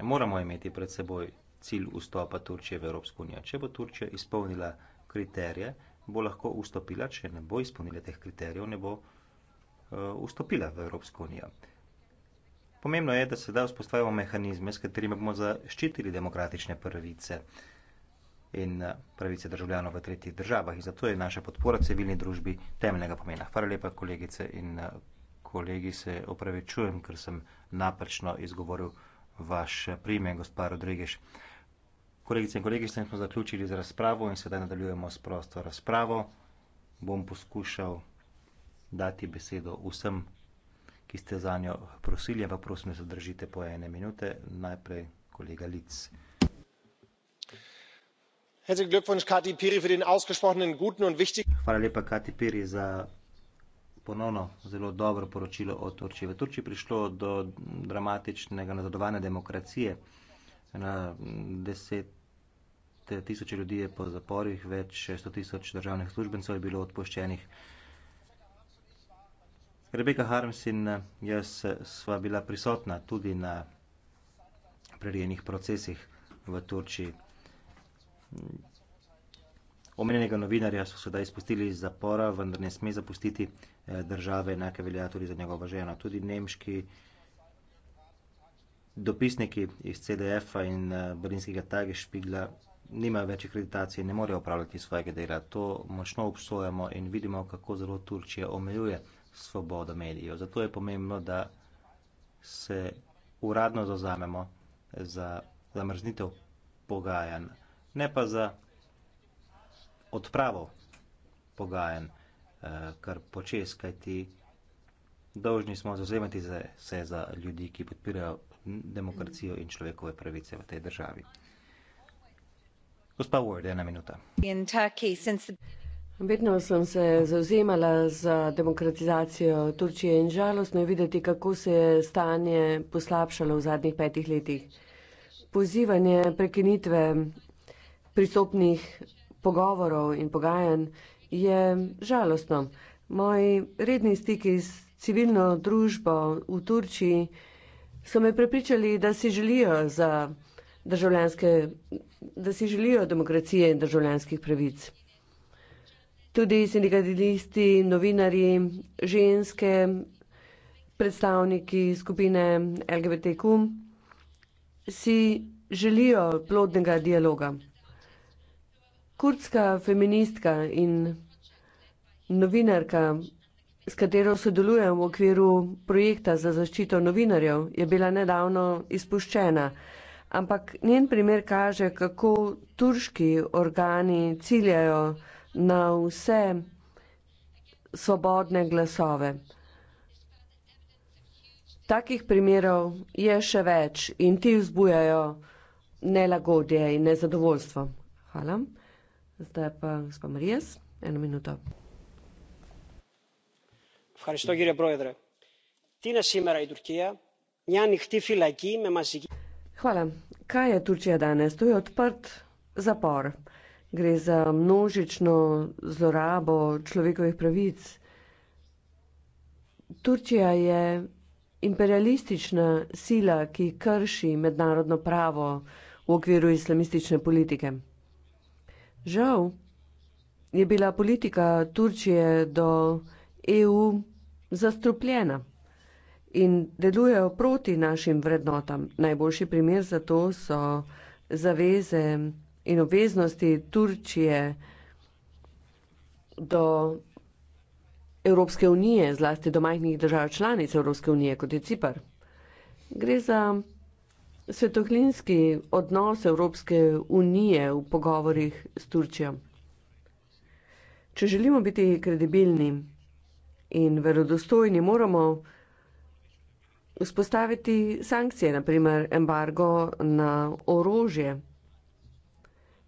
Ne moramo imeti pred seboj cilj vstopa Turčije v Evropsko unijo. Če bo Turčija izpolnila kriterije, bo lahko vstopila, če ne bo izpolnila teh kriterijev, ne bo uh, vstopila v Evropsko unijo. Pomembno je, da se da vzpostavimo mehanizme, s katerimi bomo zaščitili demokratične pravice in eh, pravice državljanov v tretjih državah. In zato je naša podpora civilni družbi temeljnega pomena. Hvala lepa, kolegice in eh, kolegi, se opravičujem, ker sem napačno izgovoril vaš primer, gospod Rodrigež. Kolegice in kolegi, s tem smo zaključili z razpravo in sedaj nadaljujemo s prosto razpravo. Bom poskušal dati besedo vsem, ki ste za njo prosili, ampak prosim, da se držite po ene minute. Najprej kolega Lic. Hvala lepa, Kati Piri, za ponovno zelo dobro poročilo o Turčiji. V Turčiji prišlo do dramatičnega nazadovanja demokracije. Na deset tisoč ljudi je po zaporih, več sto tisoč državnih službencev je bilo odpuščenih. Rebeka Harms in jaz sva bila prisotna tudi na prerijenih procesih v Turčiji. Omenjenega novinarja so sedaj izpustili iz zapora, vendar ne sme zapustiti Eh, države, enake velja tudi za njegovo ženo. Tudi nemški dopisniki iz CDF-a in eh, berlinskega Tage Špigla nimajo več akreditacije, ne morejo upravljati svojega dela. To močno obsojamo in vidimo, kako zelo Turčija omejuje svobodo medijev. Zato je pomembno, da se uradno zazamemo za zamrznitev pogajanj, ne pa za odpravo pogajanj. Eh, kar počes, kajti dolžni smo zauzemati se za ljudi, ki podpirajo demokracijo in človekove pravice v tej državi. Gospa Ward, ena minuta. Vedno sem se zauzemala za demokratizacijo Turčije in žalostno je videti, kako se je stanje poslabšalo v zadnjih petih letih. Pozivanje prekinitve pristopnih pogovorov in pogajanj je žalostno. Moji redni stiki s civilno družbo v Turčiji so me prepričali, da si želijo za državljanske, da si želijo demokracije in državljanskih pravic. Tudi sindikalisti, novinari, ženske, predstavniki skupine LGBTQ si želijo plodnega dialoga kurdska feministka in novinarka, s katero sodelujem v okviru projekta za zaščito novinarjev, je bila nedavno izpuščena. Ampak njen primer kaže, kako turški organi ciljajo na vse svobodne glasove. Takih primerov je še več in ti vzbujajo nelagodje in nezadovoljstvo. Hvala. Zdaj pa gospa Marijas, eno minuto. Hvala. Kaj je Turčija danes? To je odprt zapor. Gre za množično zlorabo človekovih pravic. Turčija je imperialistična sila, ki krši mednarodno pravo v okviru islamistične politike. Žal je bila politika Turčije do EU zastrupljena in delujejo proti našim vrednotam. Najboljši primer za to so zaveze in obveznosti Turčije do Evropske unije, zlasti do majhnih držav članic Evropske unije, kot je Cipar. Gre za svetohlinski odnos Evropske unije v pogovorih s Turčijo? Če želimo biti kredibilni in verodostojni, moramo vzpostaviti sankcije, naprimer embargo na orožje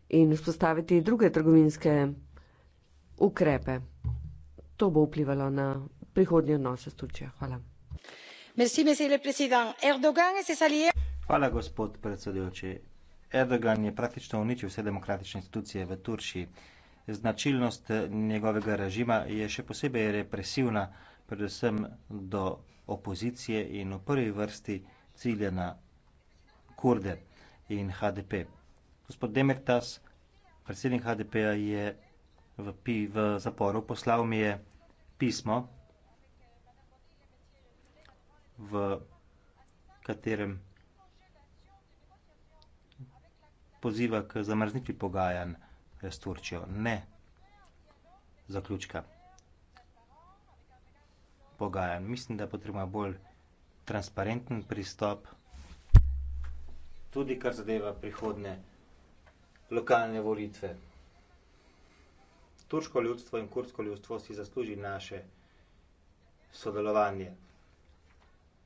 in vzpostaviti druge trgovinske ukrepe. To bo vplivalo na prihodnje odnose s Turčijo. Hvala. Merci, monsieur le président. Erdogan et ses alliés. Hvala, gospod predsedujoči. Erdogan je praktično uničil vse demokratične institucije v Turčiji. Značilnost njegovega režima je še posebej represivna, predvsem do opozicije in v prvi vrsti cilja na kurde in HDP. Gospod Demirtas, predsednik HDP-a, je v, pi, v zaporu poslal mi je pismo, v katerem poziva k zamrznitvi pogajanj eh, s Turčijo. Ne. Zaključka. Pogajanj. Mislim, da potrebujemo bolj transparenten pristop, tudi kar zadeva prihodne lokalne volitve. Turško ljudstvo in kurdsko ljudstvo si zasluži naše sodelovanje.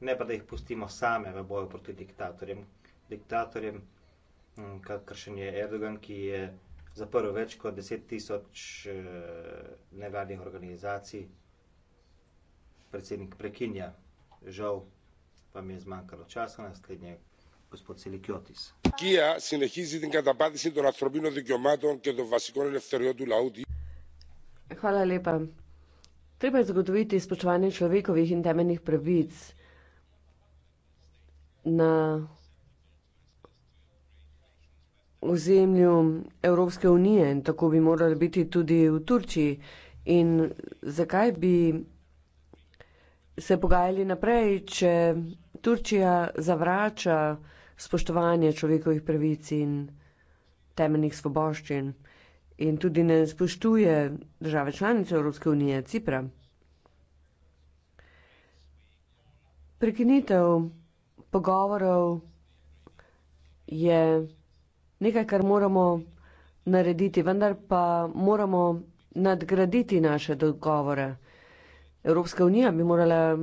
Ne pa, da jih pustimo same v boju proti diktatorjem. Diktatorjem, Mm, kakršen je Erdogan, ki je zaprl več kot deset tisoč eh, nevladnih organizacij, predsednik prekinja. Žal pa mi je zmanjkalo časa, naslednje gospod Silikiotis. Hvala lepa. Treba je zagotoviti spoštovanje človekovih in temeljnih pravic. Na ozemlju Evropske unije in tako bi morali biti tudi v Turčiji. In zakaj bi se pogajali naprej, če Turčija zavrača spoštovanje človekovih pravic in temeljnih svoboščin in tudi ne spoštuje države članice Evropske unije, Cipra? Prekinitev pogovorov je nekaj, kar moramo narediti, vendar pa moramo nadgraditi naše dogovore. Evropska unija bi morala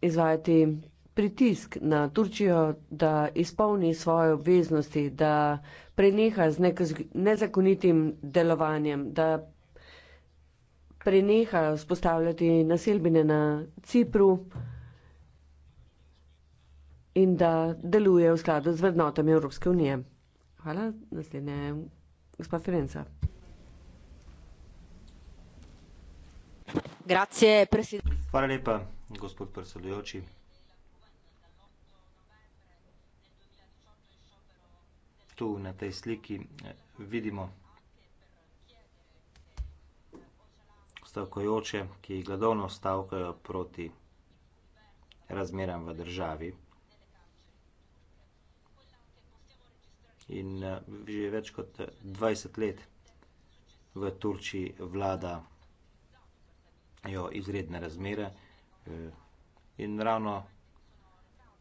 izvajati pritisk na Turčijo, da izpolni svoje obveznosti, da preneha z nezakonitim delovanjem, da preneha spostavljati naselbine na Cipru in da deluje v skladu z vrednotami Evropske unije. Hvala. Naslednja je gospa Firenza. Hvala lepa, gospod predsedujoči. Tu na tej sliki vidimo stavkajoče, ki gladovno stavkajo proti razmeram v državi. in eh, že več kot 20 let v turčiji vladajo izredne razmere eh, in ravno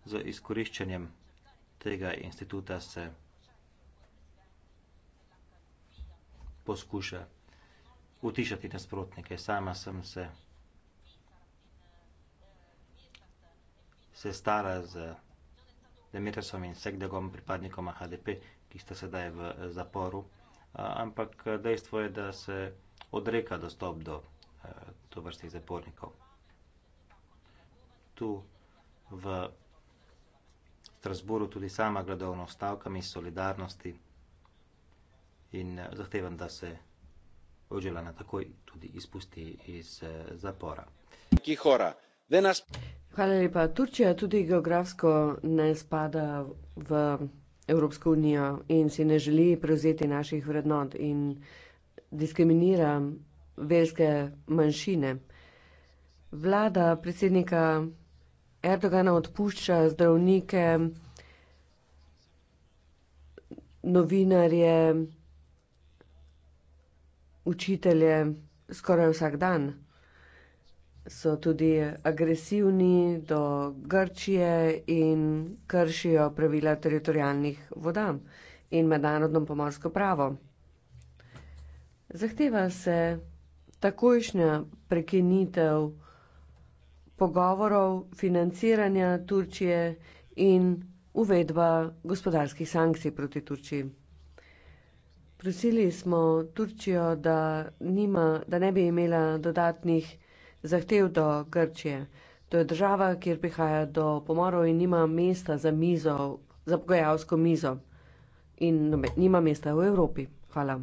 z izkoriščanjem tega instituta se poskuša utišati nasprotnike sama sem se sestala z Demetrasom in Segdegom, pripadnikom HDP, ki sta sedaj v eh, zaporu. Ampak eh, dejstvo je, da se odreka dostop do eh, to vrstih zapornikov. Tu v Strasburu tudi sama gledovno stavkami solidarnosti in zahtevam, da se Ožilana takoj tudi izpusti iz zapora. Kihora. Venas... Hvala lepa. Turčija tudi geografsko ne spada v Evropsko unijo in si ne želi prevzeti naših vrednot in diskriminira verske manjšine. Vlada predsednika Erdogana odpušča zdravnike, novinarje, učitelje skoraj vsak dan so tudi agresivni do Grčije in kršijo pravila teritorijalnih voda in mednarodno pomorsko pravo. Zahteva se takojšnja prekinitev pogovorov, financiranja Turčije in uvedba gospodarskih sankcij proti Turčiji. Prosili smo Turčijo, da, nima, da ne bi imela dodatnih zahtev do Grčije. To je država, kjer prihaja do pomorov in nima mesta za mizo, za pogajalsko mizo. In nima mesta v Evropi. Hvala.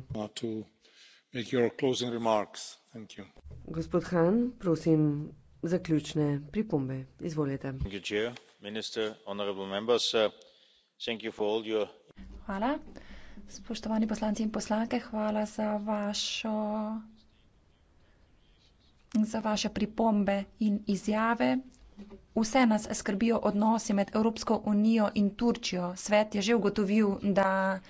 Gospod Han, prosim, zaključne pripombe. Izvolite. Uh, hvala. Spoštovani poslanci in poslanke, hvala za vašo za vaše pripombe in izjave. Vse nas skrbijo odnosi med Evropsko unijo in Turčijo. Svet je že ugotovil, da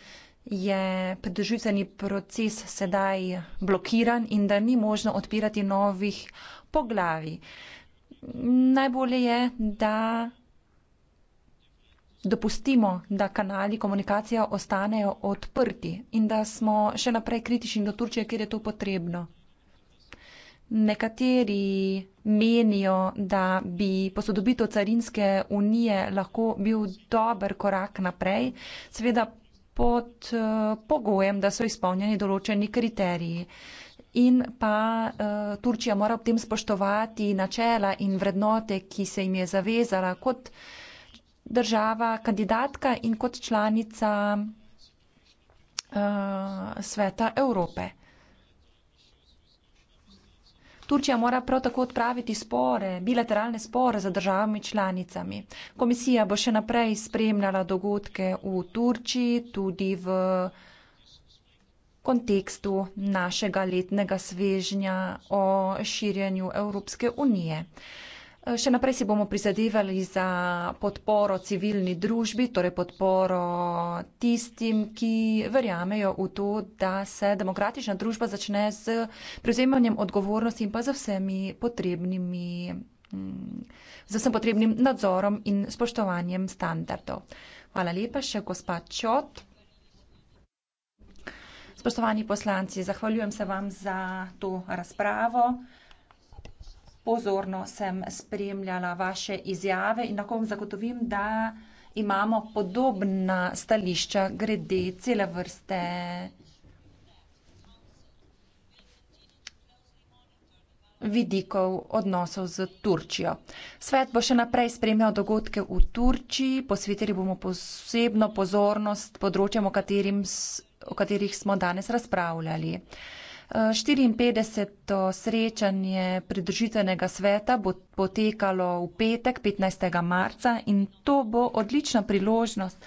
je pridružitveni proces sedaj blokiran in da ni možno odpirati novih poglavi. Najbolje je, da dopustimo, da kanali komunikacije ostanejo odprti in da smo še naprej kritični do Turčije, kjer je to potrebno. Nekateri menijo, da bi posodobitev carinske unije lahko bil dober korak naprej, seveda pod eh, pogojem, da so izpolnjeni določeni kriteriji. In pa uh, Turčija mora ob tem spoštovati načela in vrednote, ki se jim je zavezala kot država, kandidatka in kot članica uh, sveta Evrope. Turčija mora prav tako odpraviti spore, bilateralne spore z državami članicami. Komisija bo še naprej spremljala dogodke v Turčiji, tudi v kontekstu našega letnega svežnja o širjenju Evropske unije. Eh, še naprej si bomo prizadevali za podporo civilni družbi, torej podporo tistim, ki verjamejo v to, da se demokratična družba začne z prevzemanjem odgovornosti in pa z vsemi potrebnimi mm, z vsem potrebnim nadzorom in spoštovanjem standardov. Hvala lepa še gospa Čot. Spoštovani poslanci, zahvaljujem se vam za to razpravo pozorno sem spremljala vaše izjave in lahko vam zagotovim, da imamo podobna stališča grede cele vrste vidikov odnosov z Turčijo. Svet bo še naprej spremljal dogodke v Turčiji, posvetili bomo posebno pozornost področjem, o katerih smo danes razpravljali. 54. srečanje pridružitvenega sveta bo potekalo v petek, 15. marca in to bo odlična priložnost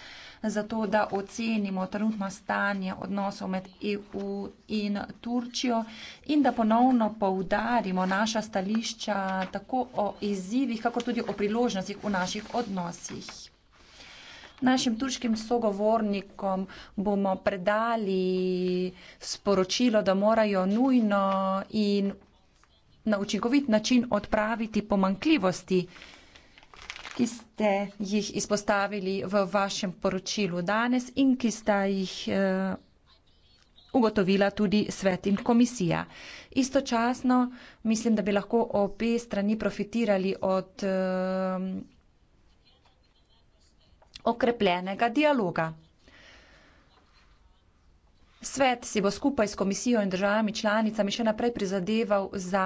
za to, da ocenimo trenutno stanje odnosov med EU in Turčijo in da ponovno poudarimo naša stališča tako o izzivih, kako tudi o priložnostih v naših odnosih. Našim turškim sogovornikom bomo predali sporočilo, da morajo nujno in na učinkovit način odpraviti pomankljivosti, ki ste jih izpostavili v vašem poročilu danes in ki sta jih eh, ugotovila tudi svet in komisija. Istočasno mislim, da bi lahko obe strani profitirali od eh, okrepljenega dialoga. Svet si bo skupaj s komisijo in državami članicami še naprej prizadeval za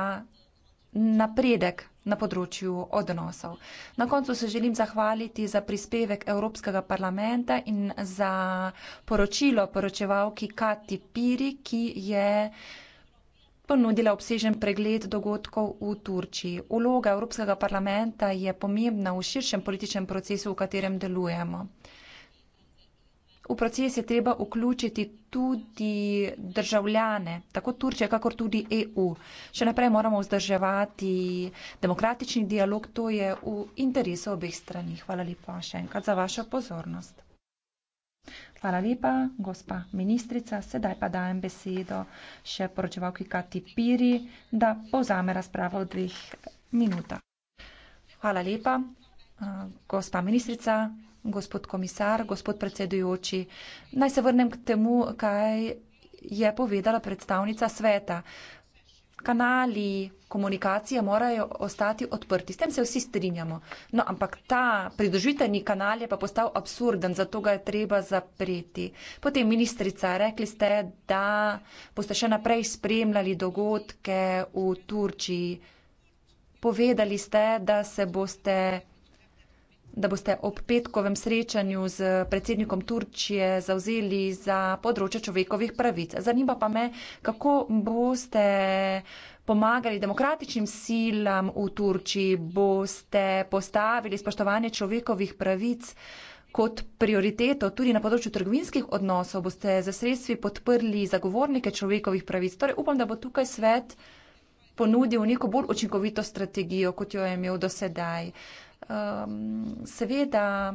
napredek na področju odnosov. Na koncu se želim zahvaliti za prispevek Evropskega parlamenta in za poročilo poročevalki Kati Piri, ki je ponudila obsežen pregled dogodkov v Turčiji. Uloga Evropskega parlamenta je pomembna v širšem političnem procesu, v katerem delujemo. V proces je treba vključiti tudi državljane, tako Turčije, kakor tudi EU. Še naprej moramo vzdrževati demokratični dialog, to je v interesu obeh strani. Hvala lepa še enkrat za vašo pozornost. Hvala lepa, gospa ministrica. Sedaj pa dajem besedo še poročevalki Kati Piri, da povzame razpravo v dveh minutah. Hvala lepa, gospa ministrica, gospod komisar, gospod predsedujoči. Naj se vrnem k temu, kaj je povedala predstavnica sveta kanali komunikacije morajo ostati odprti. S tem se vsi strinjamo. No, ampak ta pridružitveni kanal je pa postal absurden, zato ga je treba zapreti. Potem, ministrica, rekli ste, da boste še naprej spremljali dogodke v Turčiji. Povedali ste, da se boste da boste ob petkovem srečanju z predsednikom Turčije zauzeli za področje človekovih pravic. Zanima pa me, kako boste pomagali demokratičnim silam v Turčiji, boste postavili spoštovanje človekovih pravic kot prioriteto tudi na področju trgovinskih odnosov, boste za sredstvi podprli zagovornike človekovih pravic. Torej upam, da bo tukaj svet ponudil neko bolj učinkovito strategijo, kot jo je imel do sedaj. Um, seveda,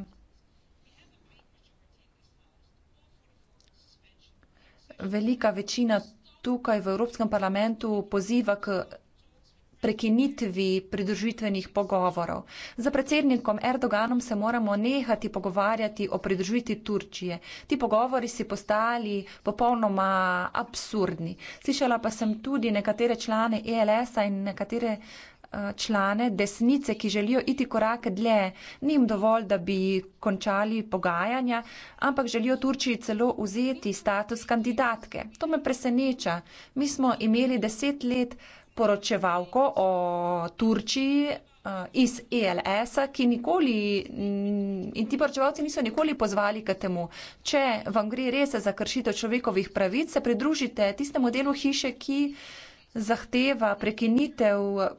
velika večina tukaj v Evropskem parlamentu poziva k prekinitvi pridružitvenih pogovorov. Za predsednikom Erdoganom se moramo nehati pogovarjati o pridružitvi Turčije. Ti pogovori si postali popolnoma absurdni. Slišala pa sem tudi nekatere člane ELS-a in nekatere uh, Eh, člane desnice, ki želijo iti korake dlje. Nim dovolj, da bi končali pogajanja, ampak želijo Turčiji celo vzeti status kandidatke. To me preseneča. Mi smo imeli deset let poročevalko o Turčiji eh, iz ELS-a, ki nikoli mm, in ti poročevalci niso nikoli pozvali k temu. Če vam gre res za kršitev človekovih pravic, se pridružite tistemu delu hiše, ki zahteva prekinitev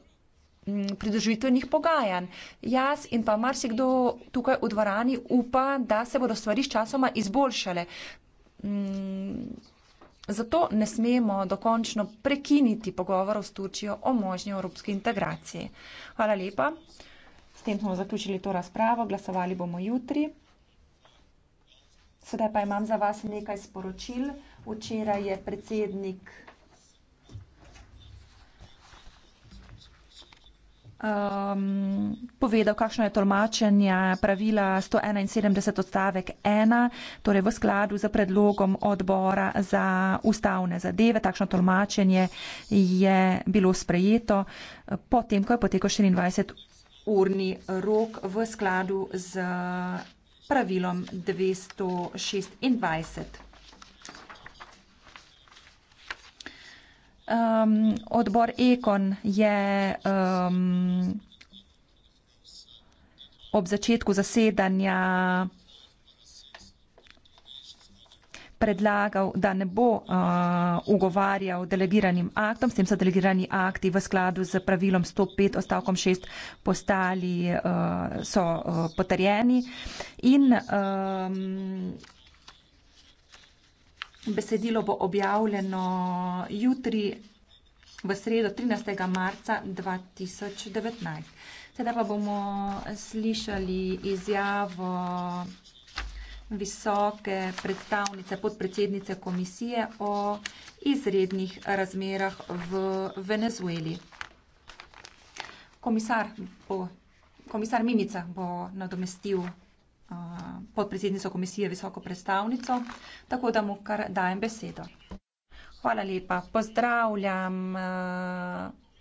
pridružitvenih pogajanj. Jaz in pa marsikdo tukaj v dvorani upa, da se bodo stvari s časoma izboljšale. Zato ne smemo dokončno prekiniti pogovorov s Turčijo o možni evropski integraciji. Hvala lepa. S tem smo zaključili to razpravo, glasovali bomo jutri. Sedaj pa imam za vas nekaj sporočil. Včeraj je predsednik um, povedal, kakšno je tolmačenje pravila 171 odstavek 1, torej v skladu z predlogom odbora za ustavne zadeve. Takšno tolmačenje je bilo sprejeto potem, ko je potekel 24-urni rok v skladu z pravilom 226. Um, odbor Ekon je um, ob začetku zasedanja predlagal, da ne bo uh, ugovarjal delegiranim aktom, s tem so delegirani akti v skladu z pravilom 105 ostavkom 6 postali, uh, so uh, potrjeni in um, Besedilo bo objavljeno jutri v sredo 13. marca 2019. Sedaj pa bomo slišali izjavo visoke predstavnice podpredsednice komisije o izrednih razmerah v Venezueli. Komisar, bo, komisar Mimica bo nadomestil podpredsednico komisije visoko predstavnico, tako da mu kar dajem besedo. Hvala lepa. Pozdravljam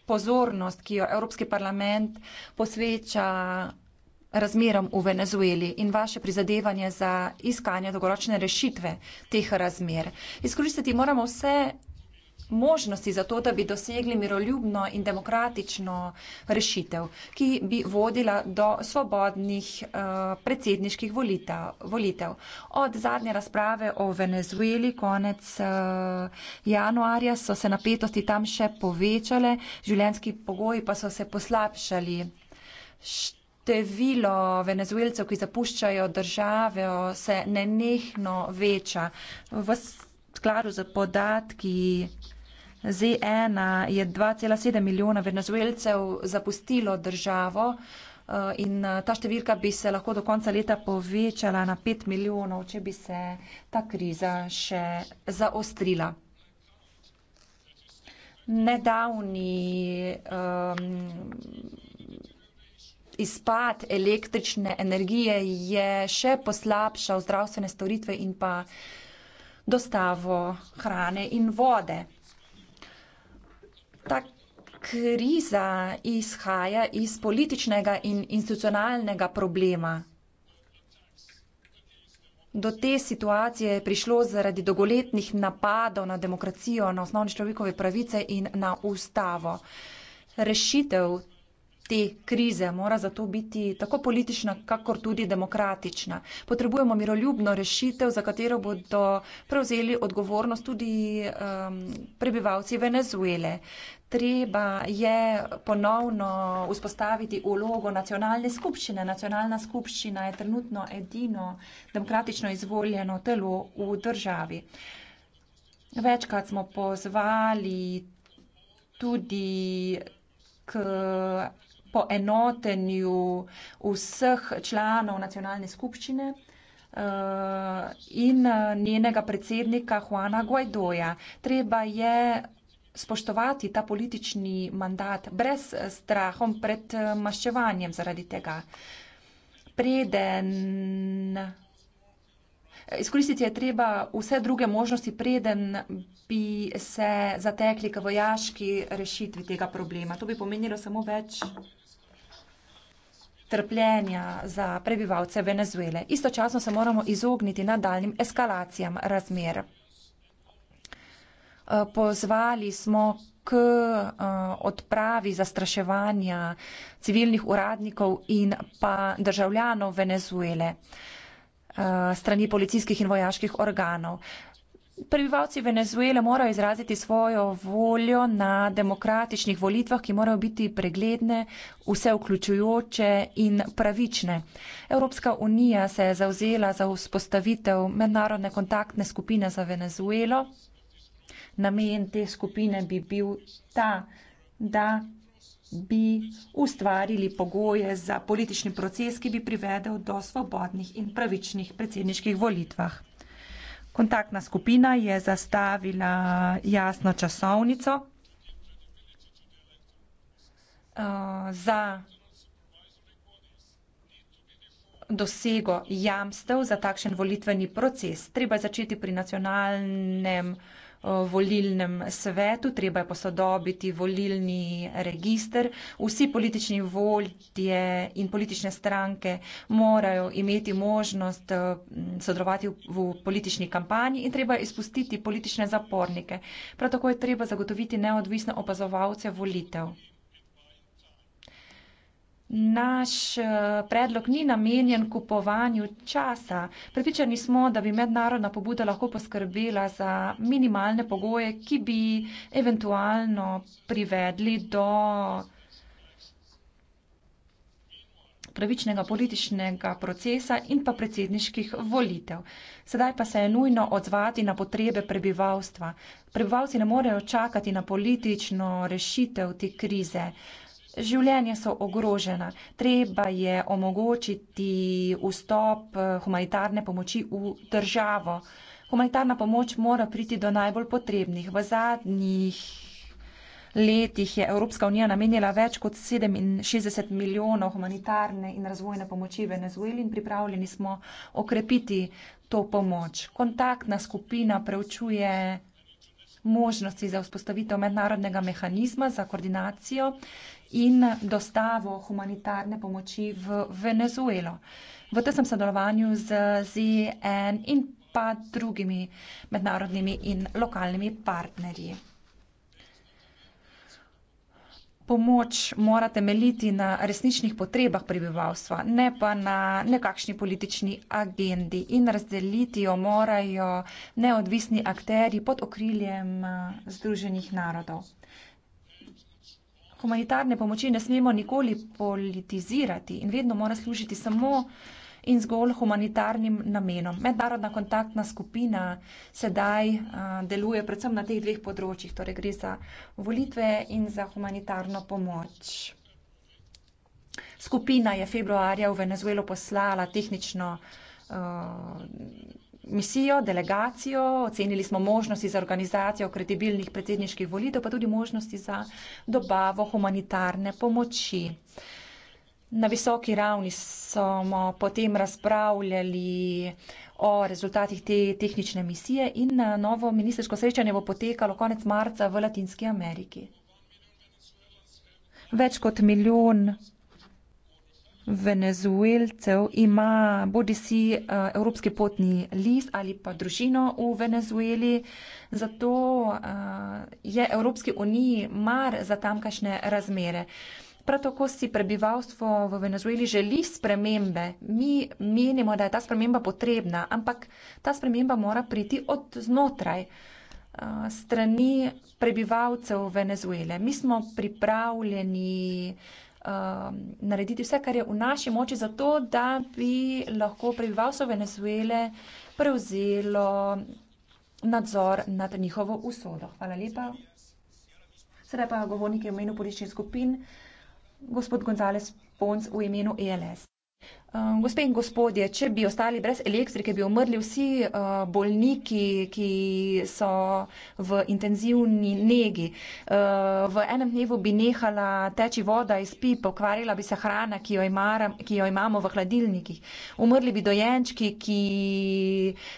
pozornost, ki jo Evropski parlament posveča razmeram v Venezueli in vaše prizadevanje za iskanje dolgoročne rešitve teh razmer. Izkoristiti moramo vse možnosti za to, da bi dosegli miroljubno in demokratično rešitev, ki bi vodila do svobodnih eh, predsedniških volitev. Od zadnje razprave o Venezueli konec eh, januarja so se napetosti tam še povečale, življenski pogoji pa so se poslabšali. Število venezuelcev, ki zapuščajo državo, se nenehno veča. V skladu z podatki Z1 je 2,7 milijona venezuelcev zapustilo državo eh, in eh, ta številka bi se lahko do konca leta povečala na 5 milijonov, če bi se ta kriza še zaostrila. Nedavni ehm, izpad električne energije je še poslabšal zdravstvene storitve in pa vsega, dostavo hrane in vode. Ta kriza izhaja iz političnega in institucionalnega problema. Do te situacije je prišlo zaradi dolgoletnih napadov na demokracijo, na osnovne človekove pravice in na ustavo. Rešitev te krize mora zato biti tako politična, kakor tudi demokratična. Potrebujemo miroljubno rešitev, za katero bodo prevzeli odgovornost tudi um, prebivalci Venezuele. Treba je ponovno vzpostaviti ulogo nacionalne skupščine. Nacionalna skupščina je trenutno edino demokratično izvoljeno telo v državi. Večkrat smo pozvali tudi k po enotenju vseh članov nacionalne skupščine eh, in eh, njenega predsednika Juana Guaidoja. Treba je spoštovati ta politični mandat brez eh, strahom pred maščevanjem zaradi tega. Preden izkoristiti je treba vse druge možnosti, preden bi se zatekli k vojaški rešitvi tega problema. To bi pomenilo samo več trpljenja za prebivalce Venezuele. Istočasno se moramo izogniti nadaljnim eskalacijam razmer. Eh, pozvali smo k eh, odpravi zastraševanja civilnih uradnikov in pa državljanov Venezuele. Eh, strani policijskih in vojaških organov. Prebivalci Venezuele morajo izraziti svojo voljo na demokratičnih volitvah, ki morajo biti pregledne, vse vključujoče in pravične. Evropska unija se je zauzela za vzpostavitev mednarodne kontaktne skupine za Venezuelo. Namen te skupine bi bil ta, da bi ustvarili pogoje za politični proces, ki bi privedel do svobodnih in pravičnih predsedniških volitvah. Kontaktna skupina je zastavila jasno časovnico eh, za dosego jamstev za takšen volitveni proces. Treba je začeti pri nacionalnem proces. Eh, volilnem svetu, treba je posodobiti volilni register. Vsi politični voljtje in politične stranke morajo imeti možnost eh, sodelovati v politični kampanji in treba je izpustiti politične zapornike. Prav tako je treba zagotoviti neodvisne opazovalce volitev. Naš eh, predlog ni namenjen kupovanju časa. Pripričani smo, da bi mednarodna pobuda lahko poskrbela za minimalne pogoje, ki bi eventualno privedli do pravičnega političnega procesa in pa predsedniških volitev. Sedaj pa se je nujno odzvati na potrebe prebivalstva. Prebivalci ne morejo čakati na politično rešitev te krize. Življenje so ogrožena. Treba je omogočiti vstop eh, humanitarne pomoči v državo. Humanitarna pomoč mora priti do najbolj potrebnih. V zadnjih letih je Evropska unija namenila več kot 67 milijonov humanitarne in razvojne pomoči Venezueli in pripravljeni smo okrepiti to pomoč. Kontaktna skupina preučuje možnosti za vzpostavitev mednarodnega mehanizma za koordinacijo in dostavo humanitarne pomoči v Venezuelo. V tesnem sodelovanju z ZN in pa drugimi mednarodnimi in lokalnimi partnerji. Pomoč mora temeljiti na resničnih potrebah prebivalstva, ne pa na nekakšni politični agendi in razdeliti jo morajo neodvisni akteri pod okriljem eh, Združenih narodov humanitarne pomoči ne smemo nikoli politizirati in vedno mora služiti samo in zgolj humanitarnim namenom. Mednarodna kontaktna skupina sedaj uh, deluje predvsem na teh dveh področjih, torej gre za volitve in za humanitarno pomoč. Skupina je februarja v Venezuelo poslala tehnično uh, misijo, delegacijo, ocenili smo možnosti za organizacijo kredibilnih predsedniških volitev, pa tudi možnosti za dobavo humanitarne pomoči. Na visoki ravni smo potem razpravljali o rezultatih te tehnične misije in novo ministersko srečanje bo potekalo konec marca v Latinski Ameriki. Več kot milijon venezuelcev ima bodi si eh, evropski potni list ali pa družino v Venezueli. Zato eh, je Evropski uniji mar za tamkajšnje razmere. Prav tako si prebivalstvo v Venezueli želi spremembe. Mi menimo, da je ta sprememba potrebna, ampak ta sprememba mora priti od znotraj eh, strani prebivalcev Venezuele. Mi smo pripravljeni uh, um, narediti vse, kar je v naši moči, zato da bi lahko prebivalstvo Venezuele prevzelo nadzor nad njihovo usodo. Hvala lepa. Sedaj pa govornik je v imenu političnih skupin, gospod Gonzales Pons v imenu ELS. Ehm, gospe in gospodje, če bi ostali brez elektrike, bi umrli vsi ehm, bolniki, ki so v intenzivni negi. Ehm, v enem dnevu bi nehala teči voda iz pip, pokvarila bi se hrana, ki jo, imara, ki jo imamo v hladilnikih. Umrli bi dojenčki, ki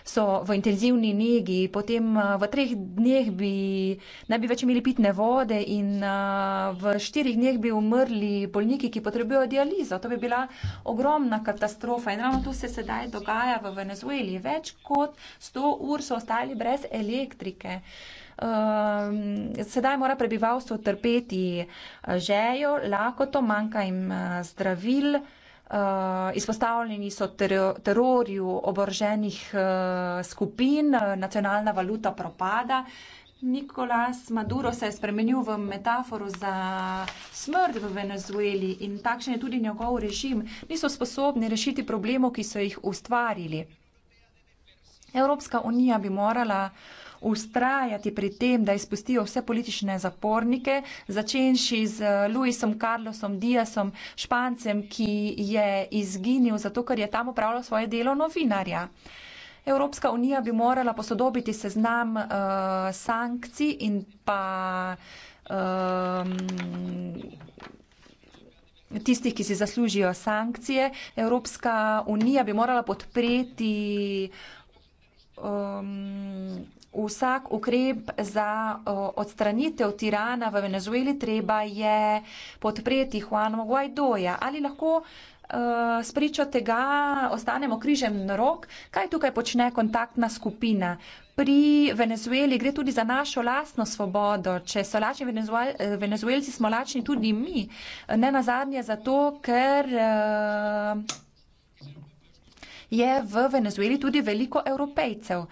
so v intenzivni negi. Potem v treh dneh bi ne bi več imeli pitne vode in v štirih dneh bi umrli bolniki, ki potrebujejo dializo. To bi bila ogromna katastrofa. In ravno to se sedaj dogaja v Venezueli. Več kot 100 ur so ostali brez elektrike. Um, sedaj mora prebivalstvo trpeti uh, žejo, lakoto, manjka jim uh, zdravil. Uh, izpostavljeni so ter terorju oboroženih uh, skupin, uh, nacionalna valuta propada, Nikolas Maduro se je spremenil v metaforo za smrt v Venezueli in takšen je tudi njegov režim. Niso sposobni rešiti problemov, ki so jih ustvarili. Evropska unija bi morala ustrajati pri tem, da izpustijo vse politične zapornike, začenši z Luisom Carlosom Diasom, špancem, ki je izginil zato, ker je tam upravljal svoje delo novinarja. Evropska unija bi morala posodobiti seznam uh, sankcij in pa um, tistih, ki si zaslužijo sankcije. Evropska unija bi morala podpreti um, vsak ukrep za uh, odstranitev tirana v Venezueli. Treba je podpreti Juanu Guaidoja. Ali lahko uh, uh, spričo tega ostanemo križem na rok, kaj tukaj počne kontaktna skupina. Pri Venezueli gre tudi za našo lastno svobodo. Če so lačni Venezuel, eh, venezuelci, smo lačni tudi mi. Ne na zadnje zato, ker. Uh, je v Venezueli tudi veliko evropejcev. Uh,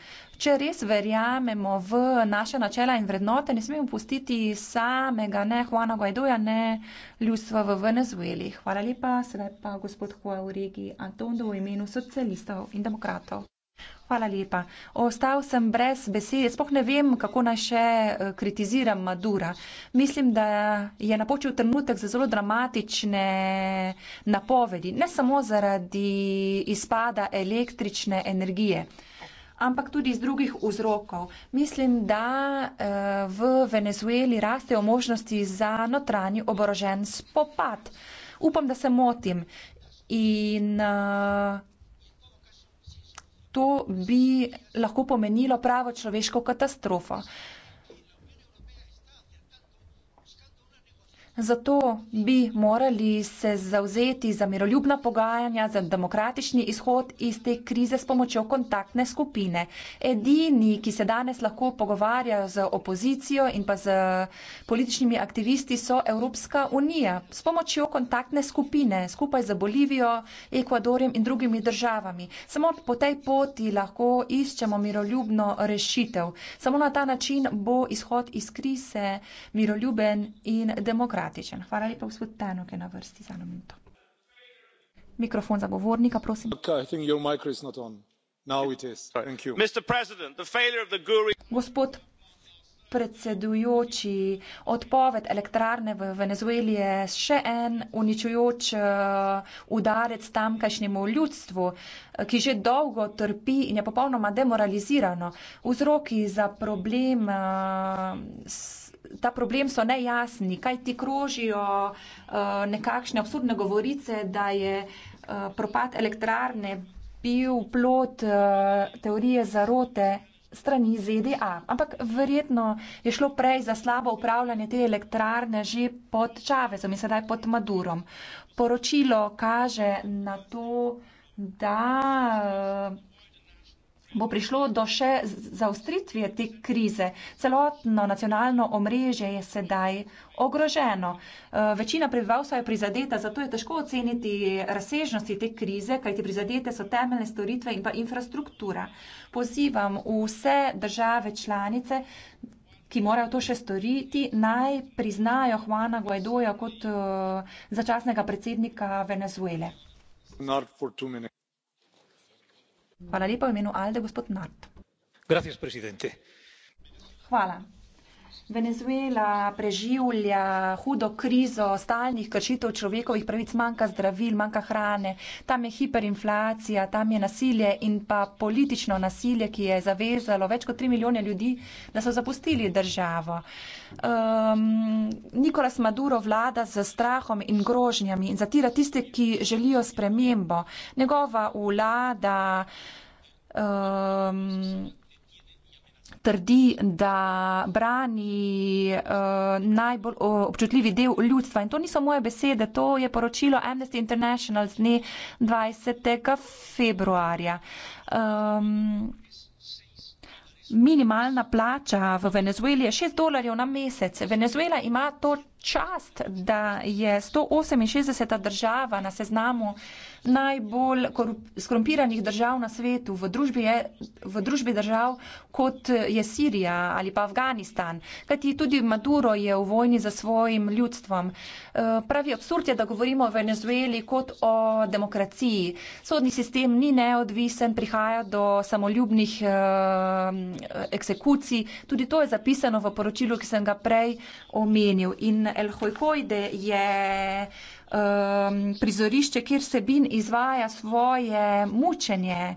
če res verjamemo v naše načela in vrednote, ne smemo pustiti samega ne Juana Guaidoja, ne ljudstva v Venezueli. Hvala lepa, sedaj pa gospod Hua v regiji Antondo v imenu socialistov in demokratov. Hvala lepa. Ostal sem brez besede, spoh ne vem, kako naj še eh, kritiziram Madura. Mislim, da je napočil trenutek za zelo dramatične napovedi, ne samo zaradi izpada električne energije ampak tudi iz drugih vzrokov. Mislim, da eh, v Venezueli rastejo možnosti za notranji oborožen spopad. Upam, da se motim. In eh, to bi lahko pomenilo pravo človeško katastrofo. Zato bi morali se zauzeti za miroljubna pogajanja, za demokratični izhod iz te krize s pomočjo kontaktne skupine. Edini, ki se danes lahko pogovarja z opozicijo in pa z političnimi aktivisti, so Evropska unija s pomočjo kontaktne skupine skupaj z Bolivijo, Ekvadorjem in drugimi državami. Samo po tej poti lahko iščemo miroljubno rešitev. Samo na ta način bo izhod iz krize miroljuben in demokratičen demokratičen. Hvala lepa gospod Tenu, ki je na vrsti za eno minuto. Mikrofon za govornika, prosim. Gospod predsedujoči, odpoved elektrarne v Venezueli je še en uničujoč eh, udarec tamkajšnjemu ljudstvu, eh, ki že dolgo trpi in je popolnoma demoralizirano. Vzroki za problem s eh, ta problem so nejasni, kaj ti krožijo eh, nekakšne absurdne govorice, da je eh, propad elektrarne bil plot eh, teorije zarote strani ZDA. Ampak verjetno je šlo prej za slabo upravljanje te elektrarne že pod Čavezom in sedaj pod Madurom. Poročilo kaže na to, da bo prišlo do še zaustritvije te krize. Celotno nacionalno omrežje je sedaj ogroženo. Eh, večina prebivalstva je prizadeta, zato je težko oceniti razsežnosti te krize, kajti prizadete so temeljne storitve in pa infrastruktura. Pozivam vse države članice, ki morajo to še storiti, naj priznajo Juana Guaidoja kot eh, začasnega predsednika Venezuele gospod predsednik hvala. Venezuela preživlja hudo krizo stalnih kršitev človekovih pravic, manjka zdravil, manjka hrane, tam je hiperinflacija, tam je nasilje in pa politično nasilje, ki je zavezalo več kot tri milijone ljudi, da so zapustili državo. Um, Nikolas Maduro vlada z strahom in grožnjami in zatira tiste, ki želijo spremembo. Njegova vlada. Um, trdi, da brani uh, najbolj občutljivi del ljudstva. In to niso moje besede, to je poročilo Amnesty International z dne 20. februarja. Um, Minimalna plača v Venezueli je 6 dolarjev na mesec. Venezuela ima to čast, da je 168. država na seznamu uh, najbolj skorumpiranih držav na svetu, v družbi, je, v družbi držav, kot je Sirija ali pa Afganistan. Kajti tudi Maduro je v vojni za svojim ljudstvom. E, pravi absurd je, da govorimo o Venezueli kot o demokraciji. Sodni sistem ni neodvisen, prihaja do samoljubnih eh, eksekucij. Tudi to je zapisano v poročilu, ki sem ga prej omenil. In El Hojkojde je um, prizorišče, kjer se Bin izvaja svoje mučenje.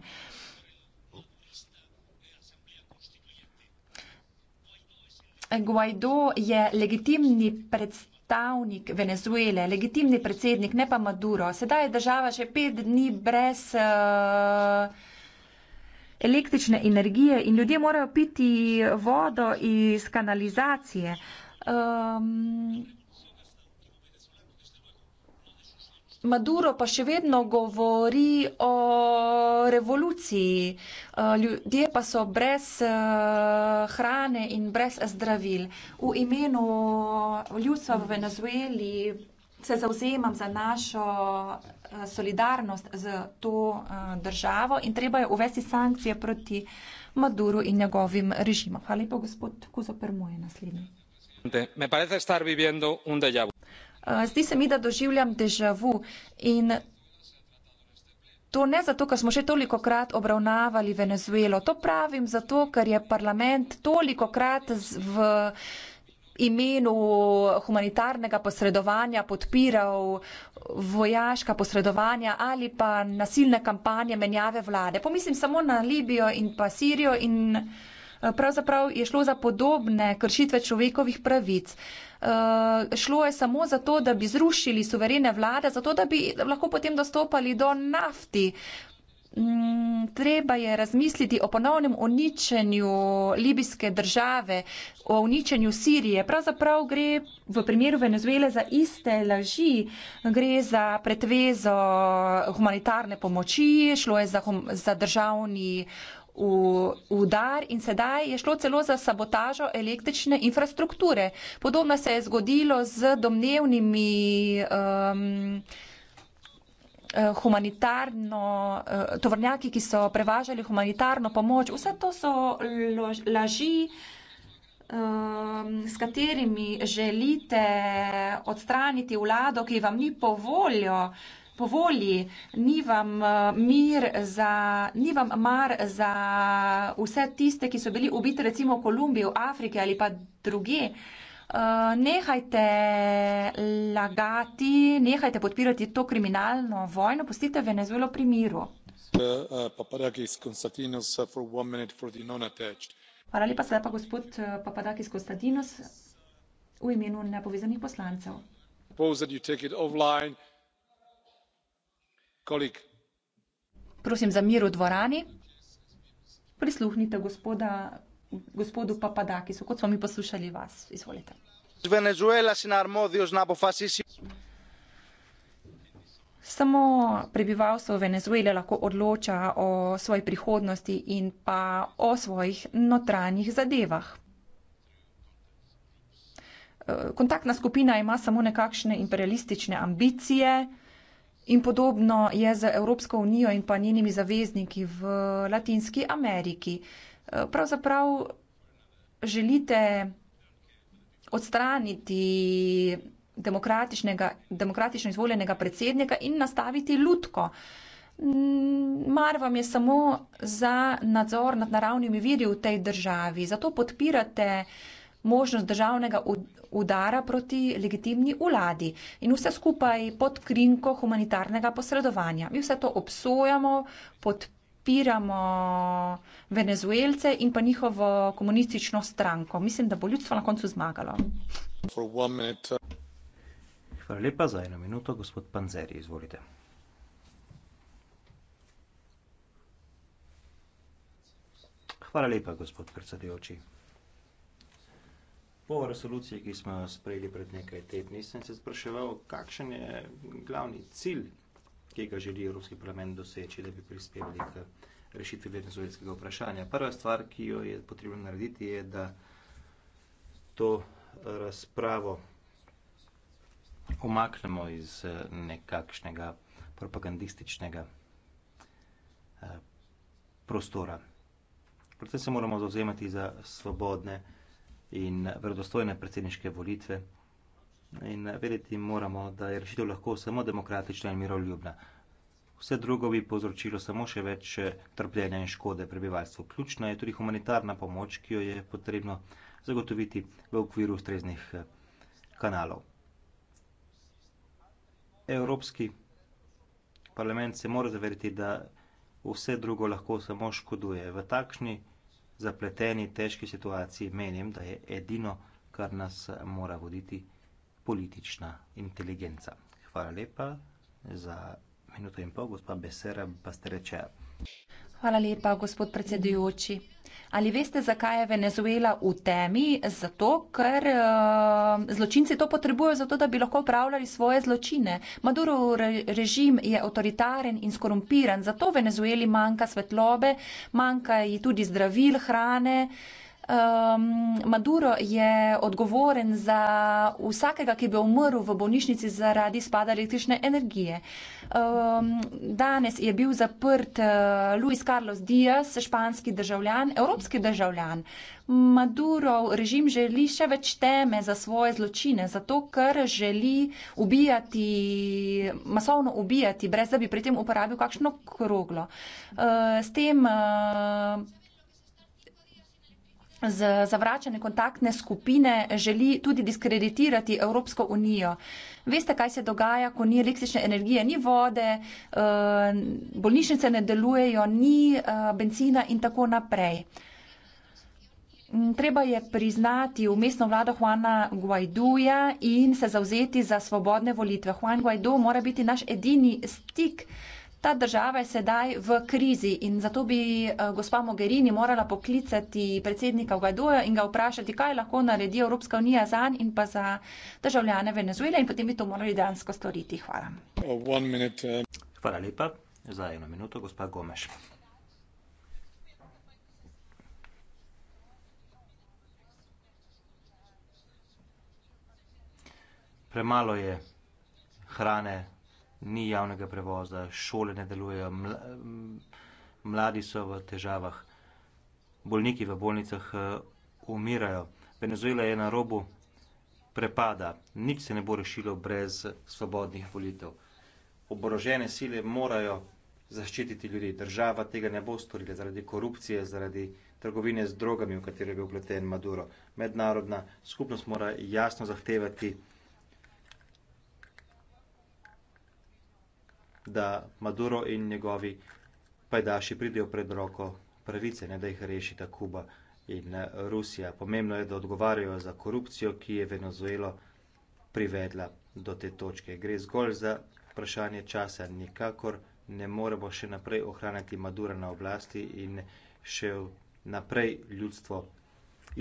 Guaido je legitimni predstavnik. Venezuele, legitimni predsednik, ne pa Maduro. Sedaj je država še pet dni brez uh, električne energije in ljudje morajo piti vodo iz kanalizacije. Um, Maduro pa še vedno govori o revoluciji, eh, ljudje pa so brez eh, hrane in brez zdravil. V imenu ljudstva v Venezueli se zauzemam za našo eh, solidarnost z to državo in treba je uvesti sankcije proti Maduru in njegovim režimom. Hvala lepa, gospod Kuzo Permo je naslednji. Eh, zdi se mi, da doživljam težavu in to ne zato, ker smo še toliko krat obravnavali Venezuelo. To pravim zato, ker je parlament toliko krat v imenu humanitarnega posredovanja podpiral vojaška posredovanja ali pa nasilne kampanje menjave vlade. Pomislim samo na Libijo in pa Sirijo in eh, pravzaprav je šlo za podobne kršitve človekovih pravic. Uh, Eh, šlo je samo za to, da bi zrušili suverene vlade, zato da bi lahko potem dostopali do nafti. Mm, treba je razmisliti o ponovnem uničenju libijske države, o uničenju Sirije. Pravzaprav gre v primeru Venezuele za iste laži, gre za pretvezo humanitarne pomoči, šlo je za, za državni uh, v udar in sedaj je šlo celo za sabotažo električne infrastrukture. Podobno se je zgodilo z domnevnimi um, eh, humanitarno, eh, tovrnjaki, ki so prevažali humanitarno pomoč, vse to so laži, um, s katerimi želite odstraniti vlado, ki vam ni povoljo, po volji, ni vam eh, mir za, ni vam mar za vse tiste, ki so bili ubiti recimo v Kolumbiji, v Afriki ali pa druge. Eh, nehajte lagati, nehajte podpirati to kriminalno vojno, pustite Venezuelo pri miru. Eh, Hvala lepa, sedaj pa gospod Papadakis Konstantinos v imenu nepovezanih poslancev. Suppose that you take it offline. Prosim za mir v dvorani. Prisluhnite gospoda, gospodu Papadakisu, kot smo mi poslušali vas. Izvolite. Samo prebivalstvo Venezuele lahko odloča o svoji prihodnosti in pa o svojih notranjih zadevah. Kontaktna skupina ima samo nekakšne imperialistične ambicije. In podobno je z Evropsko unijo in pa njenimi zavezniki v Latinski Ameriki. Eh, pravzaprav želite odstraniti demokratično izvoljenega predsednika in nastaviti lutko. Mm, mar vam je samo za nadzor nad naravnimi viri v tej državi, zato podpirate uh, možnost državnega udara proti legitimni vladi in vse skupaj pod krinko humanitarnega posredovanja. Mi vse to obsojamo, podpiramo venezuelce in pa njihovo komunistično stranko. Mislim, da bo ljudstvo na koncu zmagalo. Uh, Hvala lepa za eno minuto, gospod Panzeri, izvolite. Hvala lepa, gospod predsedujoči. Po resoluciji, ki smo jo sprejeli pred nekaj tedni, sem se spraševal, kakšen je glavni cilj, ki ga želi Evropski parlament doseči, da bi prispevali k rešitvi venezuelskega vprašanja. Prva stvar, ki jo je potrebno narediti, je, da to razpravo omaknemo iz eh, nekakšnega propagandističnega eh, prostora. Predvsem se moramo zauzemati za svobodne in verodostojne predsedniške volitve. In vedeti moramo, da je rešitev lahko samo demokratična in miroljubna. Vse drugo bi povzročilo samo še več eh, trpljenja in škode prebivalstvu. Ključna je tudi humanitarna pomoč, ki jo je potrebno zagotoviti v okviru ustreznih eh, kanalov. Evropski parlament se mora zaveriti, da vse drugo lahko samo škoduje. V takšni zapleteni, težki situaciji, menim, da je edino, kar nas mora voditi, politična inteligenca. Hvala lepa za minuto in pol, gospa Besera, pa ste reče. Hvala lepa, gospod predsedujoči. Ali veste, zakaj je Venezuela v temi? Zato, ker uh, zločinci to potrebujejo, zato, da bi lahko upravljali svoje zločine. Maduro režim je avtoritaren in skorumpiran, zato Venezueli manjka svetlobe, manjka ji tudi zdravil, hrane. Uh, Um, Maduro je odgovoren za vsakega, ki bi umrl v bolnišnici zaradi spada električne energije. Um, danes je bil zaprt uh, Luis Carlos Díaz, španski državljan, evropski državljan. Madurov režim želi še več teme za svoje zločine, zato ker želi ubijati, masovno ubijati, brez da bi pri tem uporabil kakšno kroglo. Uh, s tem uh, z zavračanjem kontaktne skupine želi tudi diskreditirati Evropsko unijo. Veste, kaj se dogaja, ko ni električne energije, ni vode, eh, bolnišnice ne delujejo, ni eh, benzina in tako naprej. Mm, treba je priznati umestno vlado Juana Guaiduja in se zauzeti za svobodne volitve. Juan Guaido mora biti naš edini stik. Ta država je sedaj v krizi in zato bi eh, gospa Mogherini morala poklicati predsednika Guaidoja in ga vprašati, kaj lahko naredi Evropska unija za njega in pa za državljane Venezuele in potem bi to morali dejansko storiti. Hvala. Oh, eh. Hvala lepa. Za eno minuto, gospa Gomeš. Premalo je hrane ni javnega prevoza, šole ne delujejo, mla, mladi so v težavah, bolniki v bolnicah eh, umirajo. Venezuela je na robu prepada, nič se ne bo rešilo brez svobodnih volitev. Oborožene sile morajo zaščititi ljudi. Država tega ne bo storila zaradi korupcije, zaradi trgovine z drogami, v katero je bil upleten Maduro. Mednarodna skupnost mora jasno zahtevati, da Maduro in njegovi pajdaši pridejo pred roko pravice, ne da jih rešita Kuba in eh, Rusija. Pomembno je, da odgovarjajo za korupcijo, ki je Venezuelo privedla do te točke. Gre zgolj za vprašanje časa. Nikakor ne moremo še naprej ohranjati Madura na oblasti in še naprej ljudstvo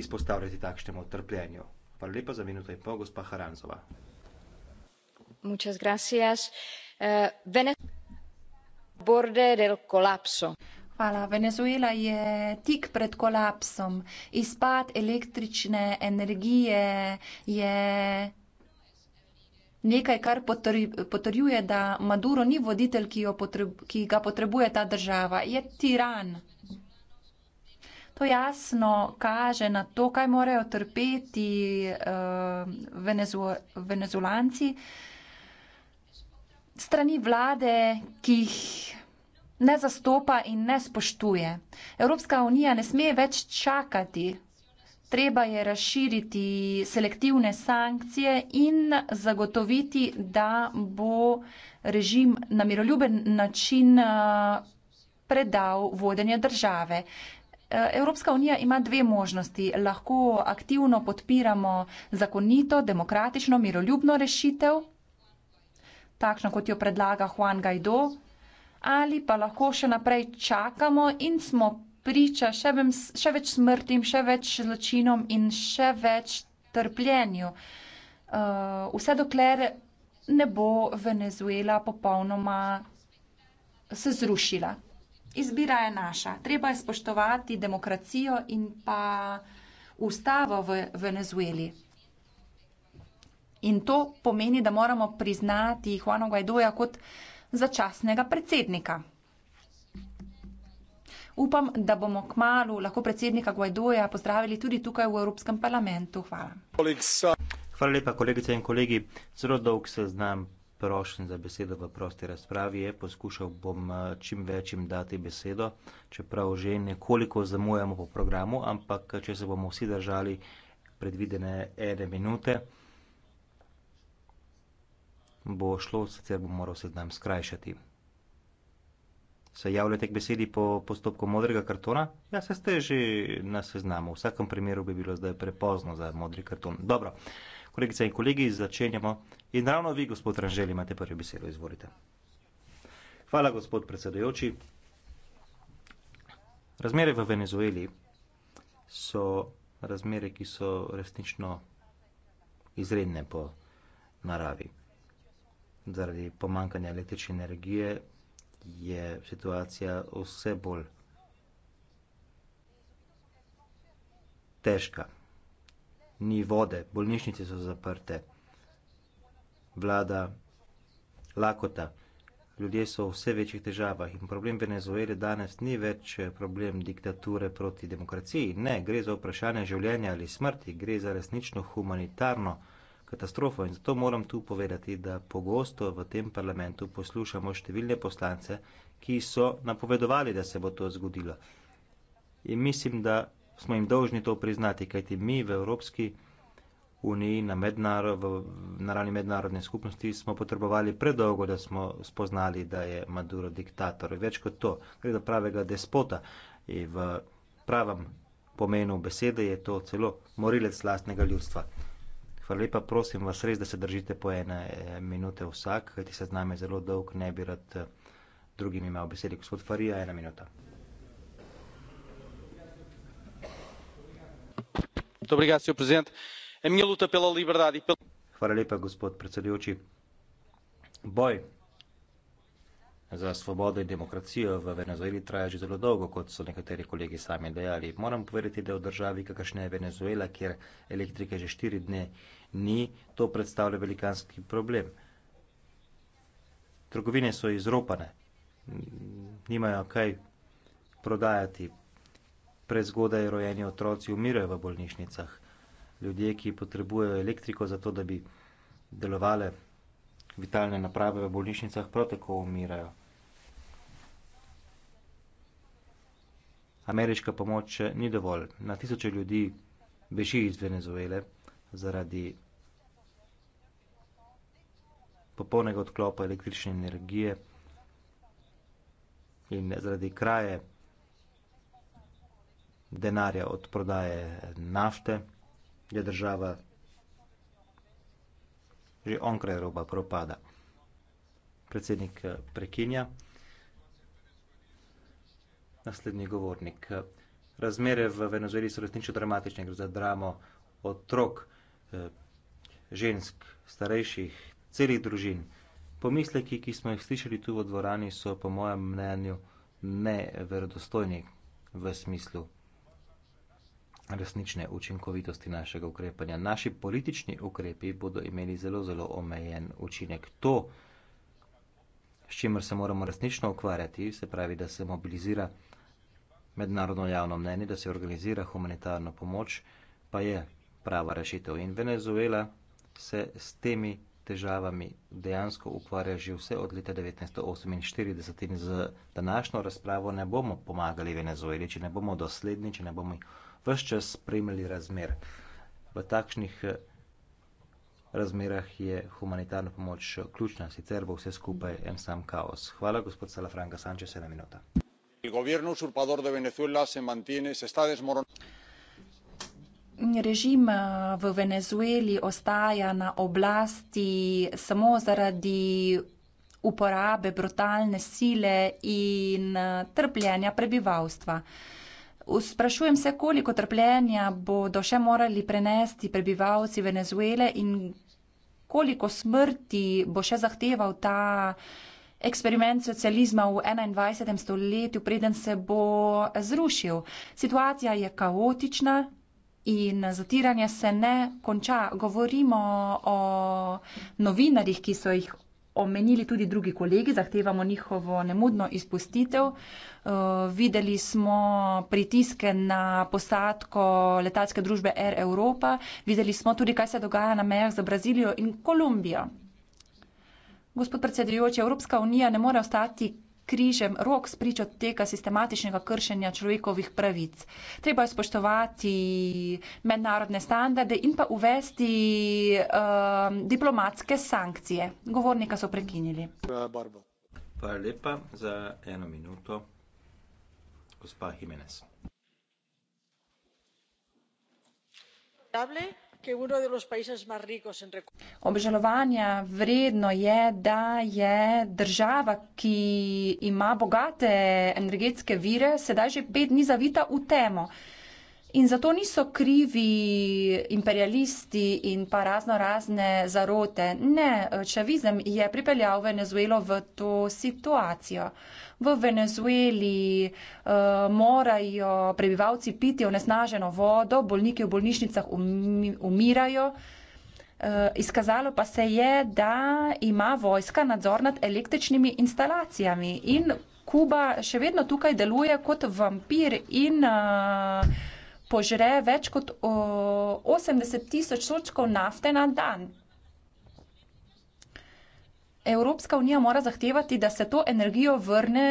izpostavljati takšnemu trpljenju. Hvala lepa za minuto in pol, gospa Haranzova. Eh, venezuela je tik pred kolapsom izpad električne energije je nekaj kar potrjuje da maduro ni voditelj ki jo ki ga potrebuje ta država je tiran to jasno kaže na to kaj morajo trpeti eh, venezuelanci strani vlade, ki jih ne zastopa in ne spoštuje. Evropska unija ne sme več čakati. Treba je razširiti selektivne sankcije in zagotoviti, da bo režim na miroljuben način uh, predal vodenje države. Uh, Evropska unija ima dve možnosti. Lahko aktivno podpiramo zakonito, demokratično, miroljubno rešitev takšno kot jo predlaga Juan Guaido, ali pa lahko še naprej čakamo in smo priča še, vem, še več smrtim, še več zločinom in še več trpljenju. Uh, vse dokler ne bo Venezuela popolnoma se zrušila. Izbira je naša. Treba je spoštovati demokracijo in pa ustavo v Venezueli. In to pomeni, da moramo priznati Juana Guaidoja kot začasnega predsednika. Upam, da bomo k malu lahko predsednika Guaidoja pozdravili tudi tukaj v Evropskem parlamentu. Hvala. Hvala lepa, kolegice in kolegi. Zelo dolg se znam prošen za besedo v prosti razpravi. Je. Poskušal bom eh, čim večjim dati besedo, čeprav že nekoliko zamujamo po programu, ampak eh, če se bomo vsi držali predvidene ene minute bo šlo, sicer bom moral seznam skrajšati. Se javljate k besedi po postopku modrega kartona? Ja, se ste že na seznamu. V vsakem primeru bi bilo zdaj prepozno za modri karton. Dobro, kolegice in kolegi, začenjamo. In ravno vi, gospod Ranželj, imate prvi besedo, izvolite. Hvala, gospod predsedujoči. Razmere v Venezueli so razmere, ki so resnično izredne po naravi zaradi pomanjkanja električne energije je situacija vse bolj težka ni vode bolnišnice so zaprte vlada lakota ljudje so v vse večjih težavah in problem venezuele danes ni več problem diktature proti demokraciji ne gre za vprašanje življenja ali smrti gre za resnično humanitarno katastrofo. In zato moram tu povedati, da pogosto v tem parlamentu poslušamo številne poslance, ki so napovedovali, da se bo to zgodilo. In mislim, da smo jim dolžni to priznati, kajti mi v Evropski uniji, na, mednaro, v, na ravni mednarodne skupnosti, smo potrebovali predolgo, da smo spoznali, da je Maduro diktator. Več kot to, gre za pravega despota in v pravem pomenu besede je to celo morilec lastnega ljudstva. Hvala lepa, prosim vas res, da se držite po ene eh, minute vsak, kajti se z nami je zelo dolg, ne bi rad eh, drugim imel besedi. Gospod Farija, ena minuta. E Hvala lepa, gospod predsedujoči. Boj za svobodo in demokracijo v Venezueli traja že zelo dolgo, kot so nekateri kolegi sami dejali. Moram povedati, da v državi, kakršna je Venezuela, kjer elektrike že štiri dne ni, to predstavlja velikanski problem. Trgovine so izropane, nimajo kaj prodajati, prezgodaj rojeni otroci umirajo v bolnišnicah, ljudje, ki potrebujejo elektriko za to, da bi delovale vitalne naprave v bolnišnicah prav tako umirajo ameriška pomoč še ni dovolj na tisoče ljudi beži iz venezuele zaradi popolnega odklopa električne energije in zaradi kraje denarja od prodaje nafte je država že onkraj roba propada. Predsednik eh, prekinja. Naslednji govornik. Eh, razmere v Venezueli so resnično dramatične, gre za dramo otrok, eh, žensk, starejših, celih družin. Pomisleki, ki smo jih slišali tu v dvorani, so po mojem mnenju neverodostojni v smislu resnične učinkovitosti našega ukrepanja. Naši politični ukrepi bodo imeli zelo, zelo omejen učinek. To, s čimer se moramo resnično ukvarjati, se pravi, da se mobilizira mednarodno javno mnenje, da se organizira humanitarno pomoč, pa je prava rešitev. In Venezuela se s temi težavami dejansko ukvarja že vse od leta 1948 in z današnjo razpravo ne bomo pomagali Venezueli, če ne bomo dosledni, če ne bomo vse čas spremljali razmer. V takšnih eh, razmerah je humanitarna pomoč eh, ključna, sicer bo vse skupaj en sam kaos. Hvala, gospod Salafranka Sančes, ena minuta. Režim eh, v Venezueli ostaja na oblasti samo zaradi uporabe brutalne sile in trpljenja prebivalstva. Sprašujem se, koliko trpljenja bodo še morali prenesti prebivalci Venezuele in koliko smrti bo še zahteval ta eksperiment socializma v 21. stoletju, preden se bo zrušil. Situacija je kaotična in zatiranje se ne konča. Govorimo o novinarjih, ki so jih omenili tudi drugi kolegi, zahtevamo njihovo nemudno izpustitev. Eh, videli smo pritiske na posadko letalske družbe Air Europa, videli smo tudi, kaj se dogaja na mejah z Brazilijo in Kolumbijo. Gospod predsedujoči, Evropska unija ne more ostati križem rok spričo tega sistematičnega kršenja človekovih pravic. Treba je spoštovati mednarodne standarde in pa uvesti um, diplomatske sankcije. Govornika so prekinili. Hvala lepa za eno minuto. Gospa Jimenez. Dobre que uno de los países más ricos en recursos. Obžalovanja vredno je, da je država, ki ima bogate energetske vire, sedaj že pet dni zavita v temo. In zato niso krivi imperialisti in pa razno razne zarote. Ne, Čavizem je pripeljal Venezuelo v to situacijo. V Venezueli uh, morajo prebivalci piti onesnaženo vodo, bolniki v bolnišnicah umirajo. Eh, izkazalo pa se je, da ima vojska nadzor nad električnimi instalacijami in Kuba še vedno tukaj deluje kot vampir in uh, požre več kot 80 tisoč sočkov nafte na dan. Evropska unija mora zahtevati, da se to energijo vrne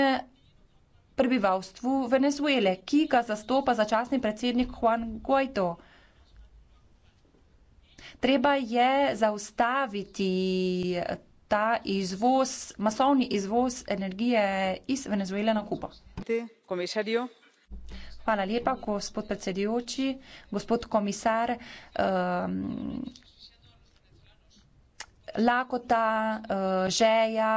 prebivalstvu Venezuele, ki ga zastopa začasni predsednik Juan Guaido. Treba je zaustaviti ta izvoz, masovni izvoz energije iz Venezuele na Kubo. Hvala lepa, gospod predsedujoči, gospod komisar. Ehm, lakota, eh, žeja,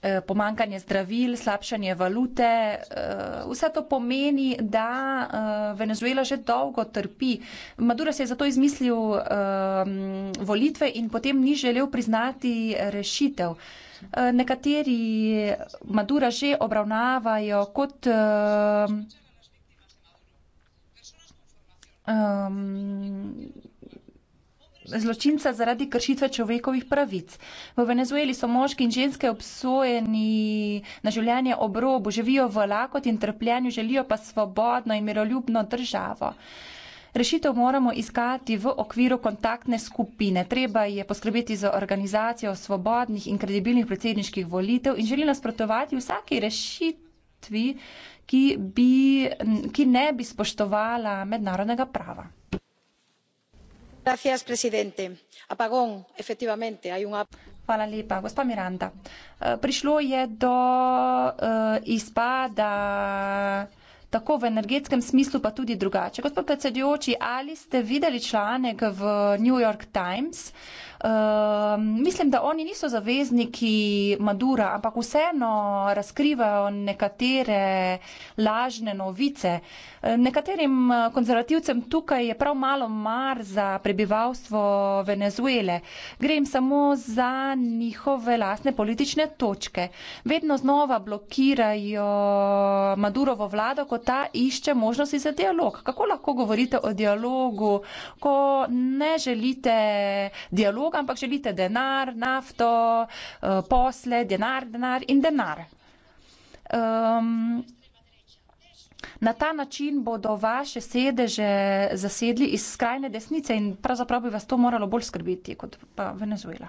eh, pomanjkanje zdravil, slabšanje valute, eh, vse to pomeni, da Venezuela že dolgo trpi. Maduro se je zato izmislil ehm, volitve in potem ni želel priznati rešitev. Nekateri Madura že obravnavajo kot ehm, um, zločinca zaradi kršitve človekovih pravic. V Venezueli so moški in ženske obsojeni na življenje ob robu, živijo v lakot in trpljenju, želijo pa svobodno in miroljubno državo. Rešitev moramo iskati v okviru kontaktne skupine. Treba je poskrbeti za organizacijo svobodnih in kredibilnih predsedniških volitev in želi nasprotovati vsaki rešitvi, ki, bi, ki ne bi spoštovala mednarodnega prava. Hvala lepa. Gospa Miranda, eh, prišlo je do eh, izpada tako v energetskem smislu, pa tudi drugače. Gospod predsedujoči, ali ste videli članek v New York Times? Ehm, mislim, da oni niso zavezniki Madura, ampak vseeno razkrivajo nekatere lažne novice. Eh, nekaterim eh, konzervativcem tukaj je prav malo mar za prebivalstvo Venezuele. Gre jim samo za njihove lastne politične točke. Vedno znova blokirajo Madurovo vlado, ko ta išče možnosti za dialog. Kako lahko govorite o dialogu, ko ne želite dialoga? drugo, ampak želite denar, nafto, eh, posle, denar, denar in denar. Um, Na ta način bodo vaše sedeže zasedli iz skrajne desnice in pravzaprav bi vas to moralo bolj skrbeti kot pa Venezuela.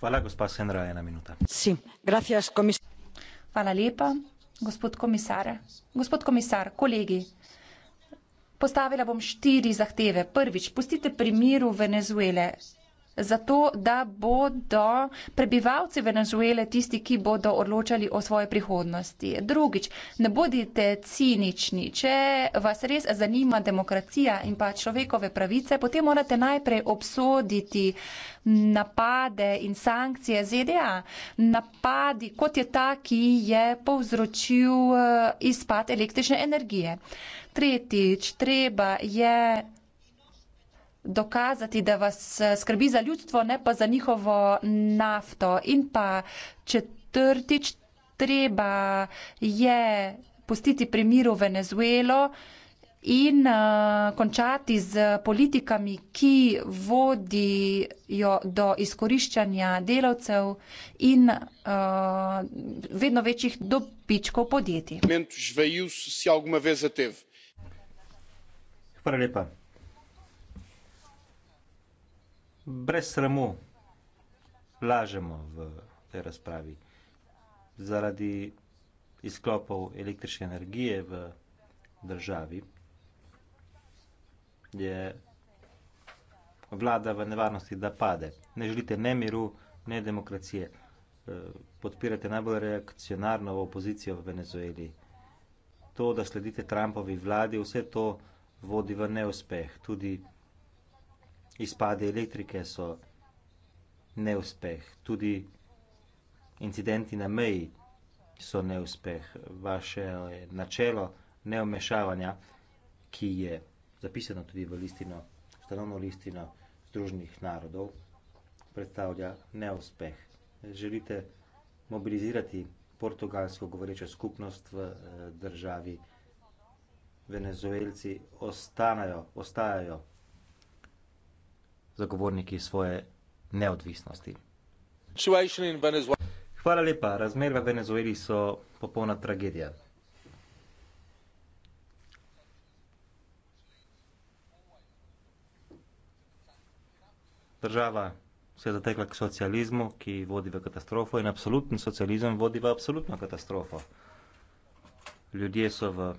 Hvala, gospa Senra, ena minuta. Si. Gracias, Hvala lepa, gospod komisar. Gospod komisar, kolegi. Postavila bom štiri zahteve. Prvič, pustite pri miru Venezuele zato da bodo prebivalci Venezuele tisti, ki bodo odločali o svoji prihodnosti. Drugič, ne bodite cinični. Če vas res zanima demokracija in pa človekove pravice, potem morate najprej obsoditi napade in sankcije ZDA. Napadi, kot je ta, ki je povzročil eh, izpad električne energije. Tretjič, treba je dokazati, da vas eh, skrbi za ljudstvo, ne pa za njihovo nafto. In pa četrtič, treba je pustiti pri miru Venezuelo in uh, končati z politikami, ki vodijo do izkoriščanja delavcev in uh, vedno večjih dobičkov podjetij. Hvala lepa brez sramu lažemo v tej razpravi. Zaradi izklopov električne energije v državi je vlada v nevarnosti, da pade. Ne želite ne miru, ne demokracije. E, podpirate najbolj reakcionarno opozicijo v Venezueli. To, da sledite Trumpovi vladi, vse to vodi v neuspeh. Tudi izpade elektrike so neuspeh, tudi incidenti na meji so neuspeh. Vaše načelo neomešavanja, ki je zapisano tudi v listino, ustanovno listino Združenih narodov, predstavlja neuspeh. Želite mobilizirati portugalsko govorečo skupnost v eh, državi. Venezuelci ostanajo, ostajajo zagovorniki svoje neodvisnosti. Hvala lepa. Razmer v Venezueli so popolna tragedija. Država se je zatekla k socializmu, ki vodi v katastrofo in absolutni socializem vodi v absolutno katastrofo. Ljudje so v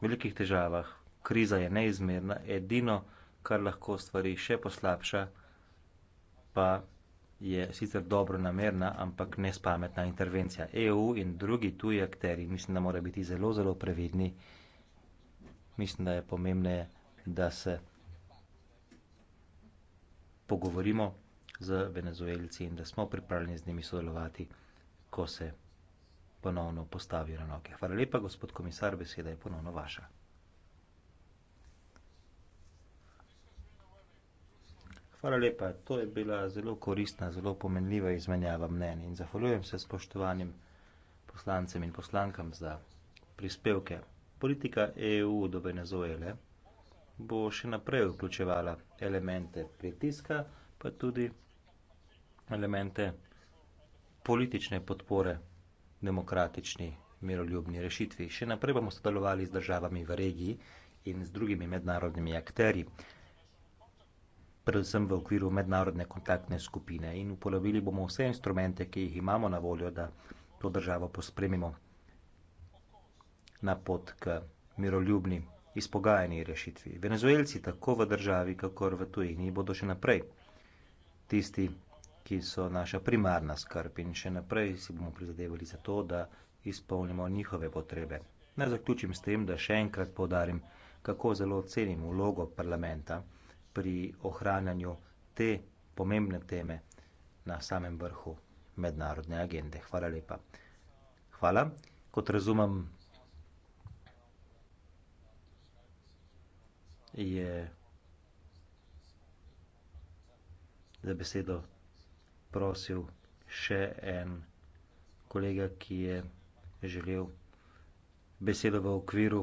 velikih težavah, kriza je neizmerna, edino, kar lahko stvari še poslabša, pa je sicer dobro namerna, ampak nespametna intervencija. EU in drugi tuji akteri mislim, da mora biti zelo, zelo previdni. Mislim, da je pomembneje, da se pogovorimo z venezuelci in da smo pripravljeni z njimi sodelovati, ko se ponovno postavijo na noge. Hvala lepa, gospod komisar, beseda je ponovno vaša. Hvala lepa. To je bila zelo koristna, zelo pomenljiva izmenjava mnen in zahvaljujem se spoštovanim poslancem in poslankam za prispevke. Politika EU do Venezuele bo še naprej vključevala elemente pritiska, pa tudi elemente politične podpore demokratični miroljubni rešitvi. Še naprej bomo sodelovali z državami v regiji in z drugimi mednarodnimi akteri predvsem v okviru mednarodne kontaktne skupine in uporabili bomo vse instrumente, ki jih imamo na voljo, da to državo pospremimo na pot k miroljubni izpogajani rešitvi. Venezuelci tako v državi, kakor v tujini, bodo še naprej tisti, ki so naša primarna skrb in še naprej si bomo prizadevali za to, da izpolnimo njihove potrebe. Naj zaključim s tem, da še enkrat povdarim, kako zelo cenim vlogo parlamenta pri ohranjanju te pomembne teme na samem vrhu mednarodne agende. Hvala lepa. Hvala. Kot razumem, je za besedo prosil še en kolega, ki je želel besedo v okviru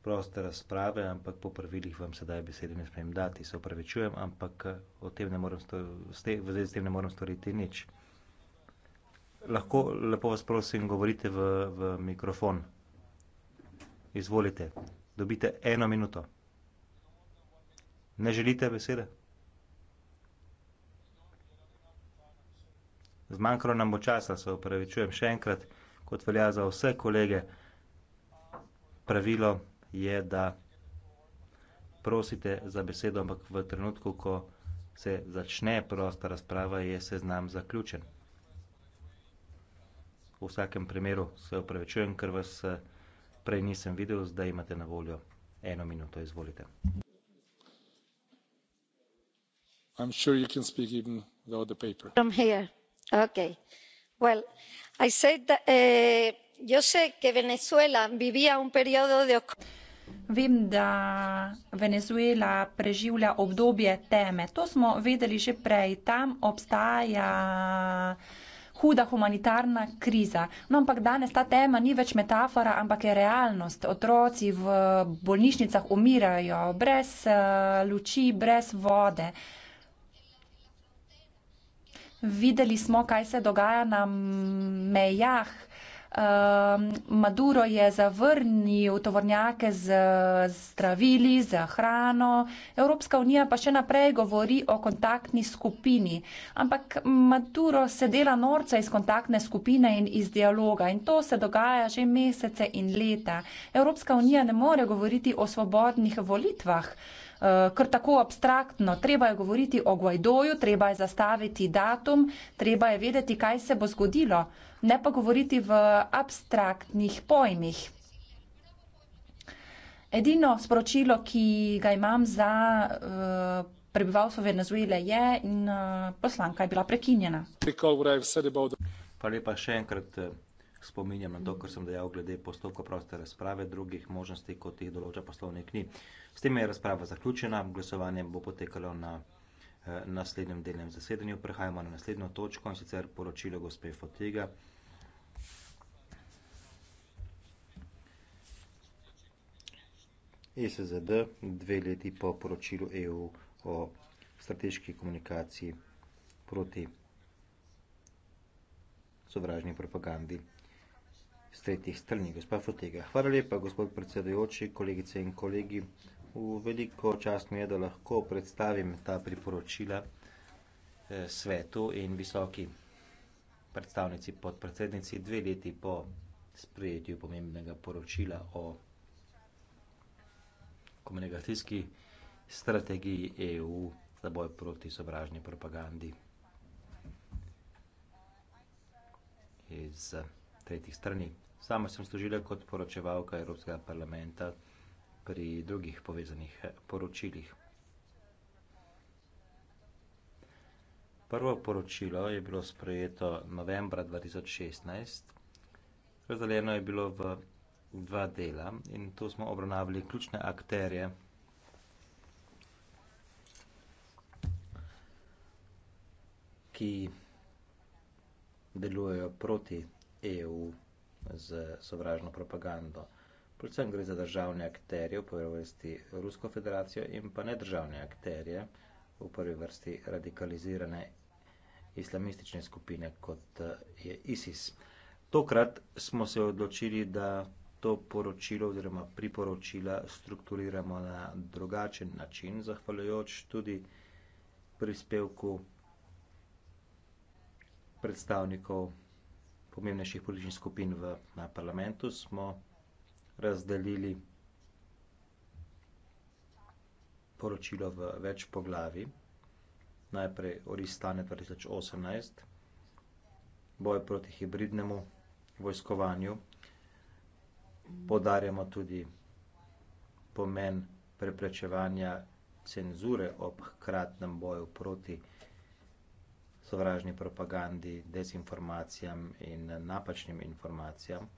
proste razprave, ampak po pravilih vam sedaj besede ne smem dati, se upravičujem, ampak eh, tem ne morem stori, v zvezi s tem ne morem storiti nič. Lahko, lepo vas prosim, govorite v, v mikrofon. Izvolite, dobite eno minuto. Ne želite besede? Zmanjkalo nam bo časa, se upravičujem še enkrat, kot velja za vse kolege, pravilo je, da prosite za besedo, ampak v trenutku, ko se začne prosta razprava, je seznam zaključen. V vsakem primeru se opravičujem, ker vas eh, prej nisem videl, zdaj imate na voljo eno minuto, izvolite. I'm sure you can speak even without the paper. I'm here. Okay. Well, I said that, uh, yo sé que venezuela vivía un periodo de Vem, da Venezuela preživlja obdobje teme. To smo vedeli že prej. Tam obstaja huda humanitarna kriza. No, ampak danes ta tema ni več metafora, ampak je realnost. Otroci v bolnišnicah umirajo brez eh, luči, brez vode. Videli smo, kaj se dogaja na mejah. Um, Maduro je zavrnil tovornjake z zdravili, z hrano, Evropska unija pa še naprej govori o kontaktni skupini. Ampak Maduro se dela norca iz kontaktne skupine in iz dialoga in to se dogaja že mesece in leta. Evropska unija ne more govoriti o svobodnih volitvah uh, kar tako abstraktno. Treba je govoriti o Guaidoju, treba je zastaviti datum, treba je vedeti, kaj se bo zgodilo, ne pa govoriti v abstraktnih pojmih. Edino sporočilo, ki ga imam za uh, prebivalstvo Venezuele je in uh, poslanka je bila prekinjena. Pa lepa še enkrat. Uh spominjam na to, kar sem dejal glede postopka proste razprave, drugih možnosti, kot jih določa poslovnik, ni. S tem je razprava zaključena, glasovanje bo potekalo na eh, naslednjem delnem zasedanju. Prehajamo na naslednjo točko in sicer poročilo gospe Fotiga. E SZD, dve leti po poročilu EU o strateški komunikaciji proti sovražni propagandi z tretjih strani. Gospa Fotega, hvala lepa, gospod predsedujoči, kolegice in kolegi. V veliko čast mi je, da lahko predstavim ta priporočila eh, svetu in visoki predstavnici podpredsednici dve leti po sprejetju pomembnega poročila o komunikacijski strategiji EU za boj proti sovražni propagandi iz tretjih strani. Sama sem služila kot poročevalka Evropskega parlamenta pri drugih povezanih eh, poročilih. Prvo poročilo je bilo sprejeto novembra 2016. Razdeljeno je bilo v dva dela in tu smo obravnavali ključne akterje ki delujejo proti EU z sovražno propagando. Predvsem gre za državne akterje, v prvi vrsti Rusko federacijo in pa nedržavne akterje, v prvi vrsti radikalizirane islamistične skupine, kot je ISIS. Tokrat smo se odločili, da to poročilo oziroma priporočila strukturiramo na drugačen način, zahvaljujoč tudi prispevku predstavnikov pomembnejših političnih skupin v parlamentu, smo razdelili poročilo v več poglavi. Najprej oristane 2018, boj proti hibridnemu vojskovanju. Podarjamo tudi pomen preprečevanja cenzure ob hkratnem boju proti hibridnemu vojskovanju sovražni propagandi, dezinformacijam in napačnim informacijam.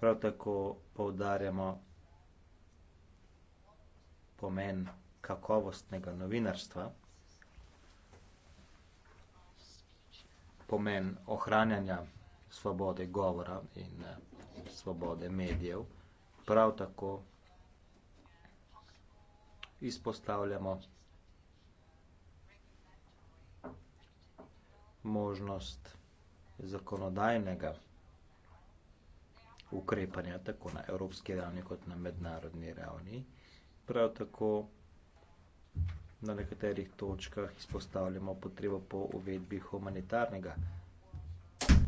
Prav tako poudarjamo pomen kakovostnega novinarstva, pomen ohranjanja svobode govora in eh, svobode medijev, prav tako izpostavljamo možnost zakonodajnega ukrepanja tako na evropski ravni kot na mednarodni ravni. Prav tako na nekaterih točkah izpostavljamo potrebo po uvedbi humanitarnega